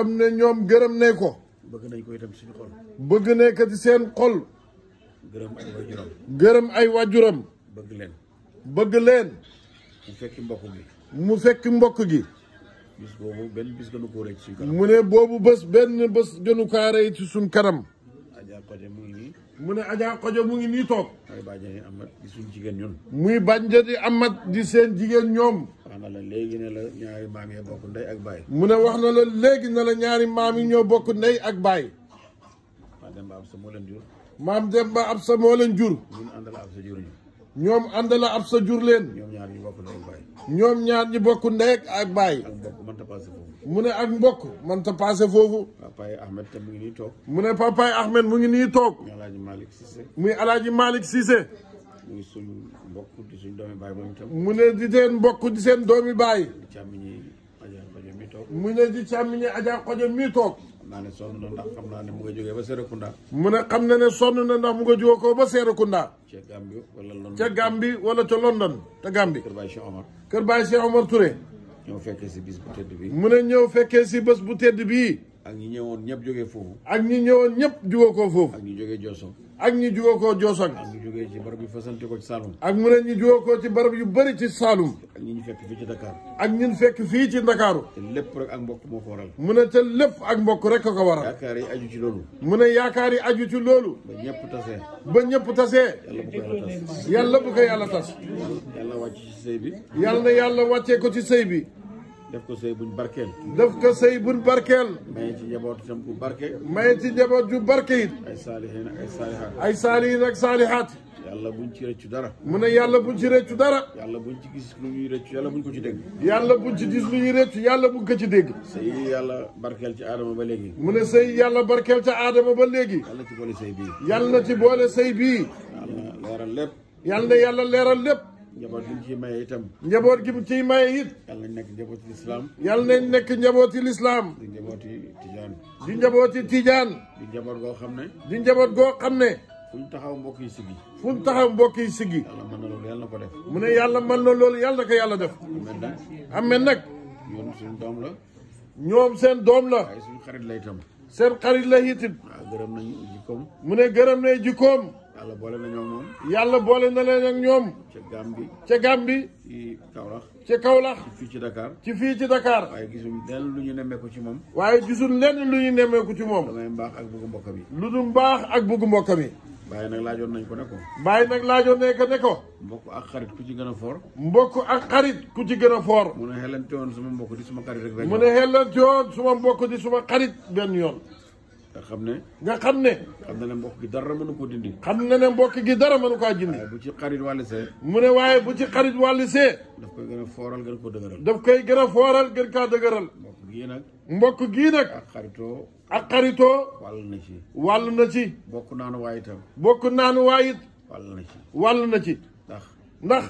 xam ne ñoom gërëm ne ko. bëgg nañ ko itam suñu xol. bëgg nekkati seen xol. gërëm ay gërëm ay waajuram. bëgg leen. bëgg leen. mu fekk mbokk gi. mu fekk mbokk gi. bis boobu benn bis gënu ko rëy ci suñu ne boobu bës benn bës gënu kaa rëy ci suñu kanam. Adja Kodjo mu nii. mu ne Adja kojo mu ngi nii toog. muy bànjadi Amath di suñu jigéen ñun. muy bànjadi Amath di seen jigéen ñoom. la léegi ne la ñaari maam yi bokk ndey ak baay. mu ne wax na la léegi na la ñaari maam yi ñoo bokk ndey ak baay. maam Demba Absa moo leen jur. maam Demba Absa moo leen jur. ñun àndala Absa jur ñu. ñoom àndala Absa jur leen. ñoom ñaar ñi bokk ndey ak baay. ñi bokk ndey ak baay. ak mbokk mënta paase foofu. mu ne ak mbokk mënta paase foofu. papaay Ahmed te mu ngi nii toog. mu ne papaay Ahmed mu ngi nii toog. muy Alaaji Malick Cissé. muy Alaaji Malick Cissé. muy suñu mbokk di suñu doomi baay moom itam. mu ne di seen mbokk di seen doomi baay. di càmmiñi Adja Kojo mi toog. mu ne di càmmiñi Adja Kojo mi toog. xam naa ne sonn na ndax xam naa ne mu nga jógee ba Serekunda. mu ne xam na ne sonn na ndax mu nga jógee ko ba Serekunda. ca Gambie wala London ca Gambie wala ca London te Gambie. Kër Baye Cheikh Omar. Kër Baye Cheikh Omar Touré. ñëw fekkee si bis bu tedd bii. mu ne ñëw fekkee si bés bu tedd bii. ak ñi ñëwoon ñëpp jógee foofu. ak ñi ñëwoon ñëpp jugoo koo foofu. ak ñi jógee Jooson. ak ñi jugoo koo Jooson. ak ñi jógee ci barab ko ci Saloum. ak mu ne ñu jógee ko ci barab yu bëri ci Saloum. ak ñi ñu fekk fii ci Dakar. ak ñi lépp rek ak mbokk ko waral. mu ne te lépp ak mbokk a loolu. mu ne yaakaar ba ñëpp tasee. ba ñëpp tasee. yàlla bu ko yàlla tas. yàlla bu ko yàlla tas. yàlla wàcc ci sëy ko ci sëy bi. def ko sëy buñ barkeel. def ko sëy buñ barkeel. maye ci njaboot itam barke. maye ci njaboot ju barke it. ay saalihiin ak ay saalihaat. ay saalihiin ak saalihaat. yàlla buñ ci rëccu dara. mu ne yàlla buñ ci rëccu dara. yàlla buñ ci gis lu ñuy rëccu yàlla buñ ko ci dégg. yàlla buñ ci gis lu ñuy rëccu yàlla buñ ko ci dégg. sëy yàlla barkeel ci aadama ba léegi. mu ne sëy yàlla barkeel ca aadama ba léegi. yàlla ci boole sëy bii. yàlla ci boole sëy bii. yàlla yàlla yàlla lépp. njaboot gi mu ciy maye itam. njaboot gi mu ciy maye it. nañ nekk njabooti lislaam. yàlla nañ nekk njabooti lislaam. di njabooti tijaan. di njabooti tijaan. di njaboot goo xam ne. di njaboot goo xam ne. fu mu taxaw mbokk yi siggi. fu mu taxaw mbokk yi siggi. yàlla mën ko mu ne yàlla mën na lool yàlla na ko yàlla def. amee nag. ñoom seen doom la. ñoom seen doom la. waaye suñu xarit la itam. seen xarit la itam. waaw gërëm nañu jikkoom. mu ne gërëm ne jikkoom. yàlla boole na ñoom moom. yàlla boole na leen ak ñoom. ca Gàmbi. ca Gàmbi. ci Kaolack. ca Kaolack. ci fii ci Dakar. ci fii ci Dakar. waaye gisuñ lenn lu ñu nemmeeku ci moom. waaye gisuñ lenn lu ñu nemmeeku ci moom. damay mbaax ak bëgg mbokk mi. lu dul mbaax ak bëgg mbokk mi. Baye nag laajoon nañ ko ne ko. Baye nag laajoon nañ ko ne ko. mbokk ak xarit ku ci gën a foor. mbokk ak xarit ku ci gën a foor. mu ne xelante woon suma di suma xarit rek benn yoon. mu ne xelante woon suma mbokk di suma xarit benn yoon. nga xam ne. nga xam ne. xam na ne mbokk gi dara mënu koo dindi. xam na ne mbokk gi dara mënu koo dindi. waaye bu ci xarit wàllu see. mu ne waaye bu ci xarit wàllu see. daf koy gën a fooral gën koo dëgëral. daf koy gën a fooral gën kaa dëgëral. gii nag. mbokk gii nag. ak xaritoo. ak xaritoo. wàll na ci. wàll na ci. bokk naan waay itam. bokk naan waay it. wàll na ci. wàll na ci. ndax ndax.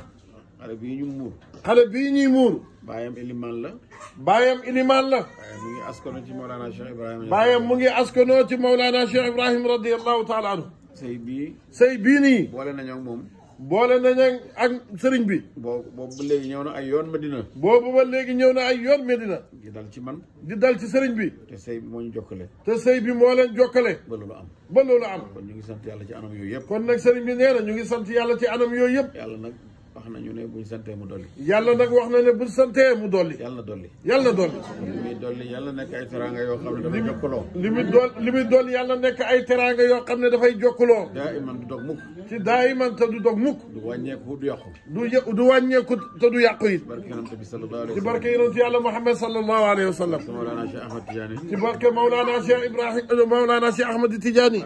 xale bii ñu muur. xale bii ñuy muur. baayam ilimaan la. baayam ilimaan la. baayam mu ngi askanoo ci Mawlana Cheikh Ibrahima. baayam mu ngi askanoo ci Mawlana Cheikh Ibrahima radiyallahu taala anhu. sëy bii. sëy bii nii. boole nañoo ak moom. boole nañ ak sëriñ bi. boobu boobu ba léegi ñëw na ay yoon Medina. boobu ba léegi ñëw na ay yoon Medina. di dal ci man. di dal ci sëriñ bi. te sëy bi moo ñu jokkale. te sëy bi moo leen jokkale. ba loolu am ba loolu am. ñu ngi sant yàlla ci anam yooyu yëpp. kon nag sëriñ bi nee na ñu ngi sant yàlla ci anam yooyu yëpp. yàlla nag. wax nañu ne buñ santee mu dolli yàlla nag wax na ne buñ santee mu dolli yàlla dolli yàlla dolli li muy dolli yàlla nekk ay teraanga yoo xam ne dafay jokkaloo li muy dool li muy dolli yàlla nekk ay teraanga yoo xam ne dafay jokkaloo daa iman du dog mukk ci daa iman te du dog mukk du wàññeeku du yàqu du yë du wàññeeku te du yàqu it barke yonent bi sallallahu alayhi wa sallam ci barke yonent yàlla Muhammad sallallahu alayhi wa sallam Mawlana Cheikh Ahmad Tidiane ci barke Mawlana Cheikh Ibrahim euh, Mawlana Cheikh Ahmad Tidiane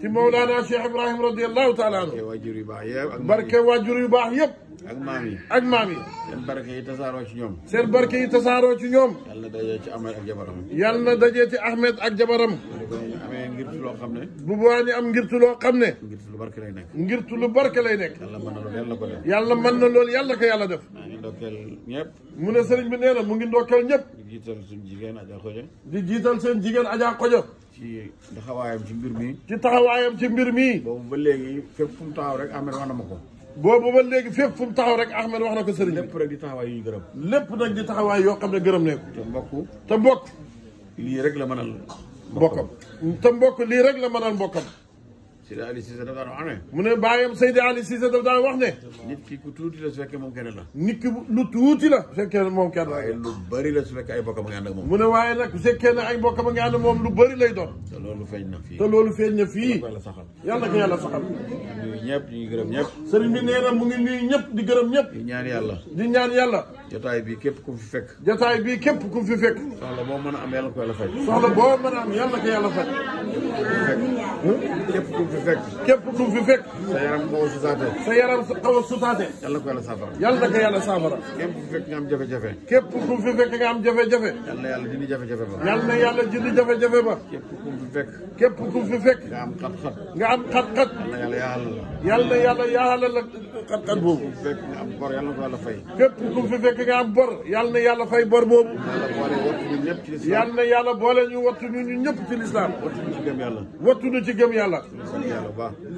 ci Mawlana Cheikh Ibrahim radiyallahu taala anhu barke waajur yu baax baax yëpp. ak maam yi ak maam yi. seen barke yi tasaaroo ci ñoom. seen barke yi tasaaroo ci ñoom. yal na dajee ci Ahmed ak jabaram. yal na dajee ci Ahmed ak jabaram. ngirtu loo xam ne. bu boobaa ñu am ngirtu loo xam ne. ngirtu lu barke lay nekk. ngirtu lu barke lay nekk. yàlla mën na loolu yàlla ko def. yàlla mën na loolu yàlla ko yàlla def. maa ngi ndokkeel ñëpp. mu ne sëriñ bi nee na mu ngi ndokkeel ñëpp. di jiital seen jigéen Adja Kojo. di jiital seen jigéen Adja Kojo. ci taxawaayam ci mbir mi. ci taxawaayam ci mbir mi. boobu ba léegi fépp fu mu taxaw rek Ahmed wax na ma ko. boobu ba léegi fépp fu mu taxaw rek Ahmed wax na ko sëriñ bi lépp rek di taxawaay yu gërëm lépp nag di taxawaay yoo xam ne gërëm ne ko te mbokk te mbokk lii rek la mënal mbokkam te mbokk lii rek la mënal mbokkam Seydi Ali Cissé daf daan wax ne mu ne bàyyam Seydi Ali Cissé daf daan wax ne nit ki ku tuuti la su fekkee moom kenn la nit ki lu tuuti la su fekkee moom kenn la waaye lu bëri la su fekkee ay bokkam nga ànd ak moom mu ne waaye nag su fekkee ne ay bokkam nga ànd ak moom lu bëri lay doon te loolu feeñ na fii te loolu feeñ na fii yàlla ko yàlla saxal ñëpp ñu ngi gërëm ñëpp sëriñ bi nee na mu ngi nuyu ñëpp di gërëm ñëpp di ñaan yàlla di ñaan yàlla jotaay bi képp ku fi fekk jotaay bi képp ku fi fekk soxla boo mën a am yàlla ko yàlla faj soxla boo mën a am yàlla ko yàlla faj képp ku fi fekk képp ku fi fekk sa yaram xaw a sutaate sa yaram xaw a sutaate yàlla ko yàlla saafara yàlla ko yàlla saafara képp ku fi fekk nga am jafe-jafe képp ku fi fekk nga am jafe-jafe yàlla yàlla dindi jafe-jafe ba yàlla yàlla dindi jafe-jafe ba képp ku fi fekk képp ku fi fekk nga am xat-xat nga am xat-xat yàlla yàlla yàlla na yàlla yaaxalal la xat-xat boobu. fekk nga am bor yàlla na ko yàlla fay. képp ku fi fekk nga am bor yàlla na yàlla fay bor boobu. yàlla na yàlla boole ñu wattu ñu ñu ñëpp ci lislaam. wattu ñu ci gëm yàlla. wattu ñu ci gëm yàlla.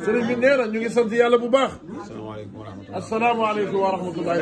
sëriñ bi nee na ñu ngi sant yàlla bu baax. asalaamaaleykum wa rahmatulah. asalaamaaleykum wa rahmatulah.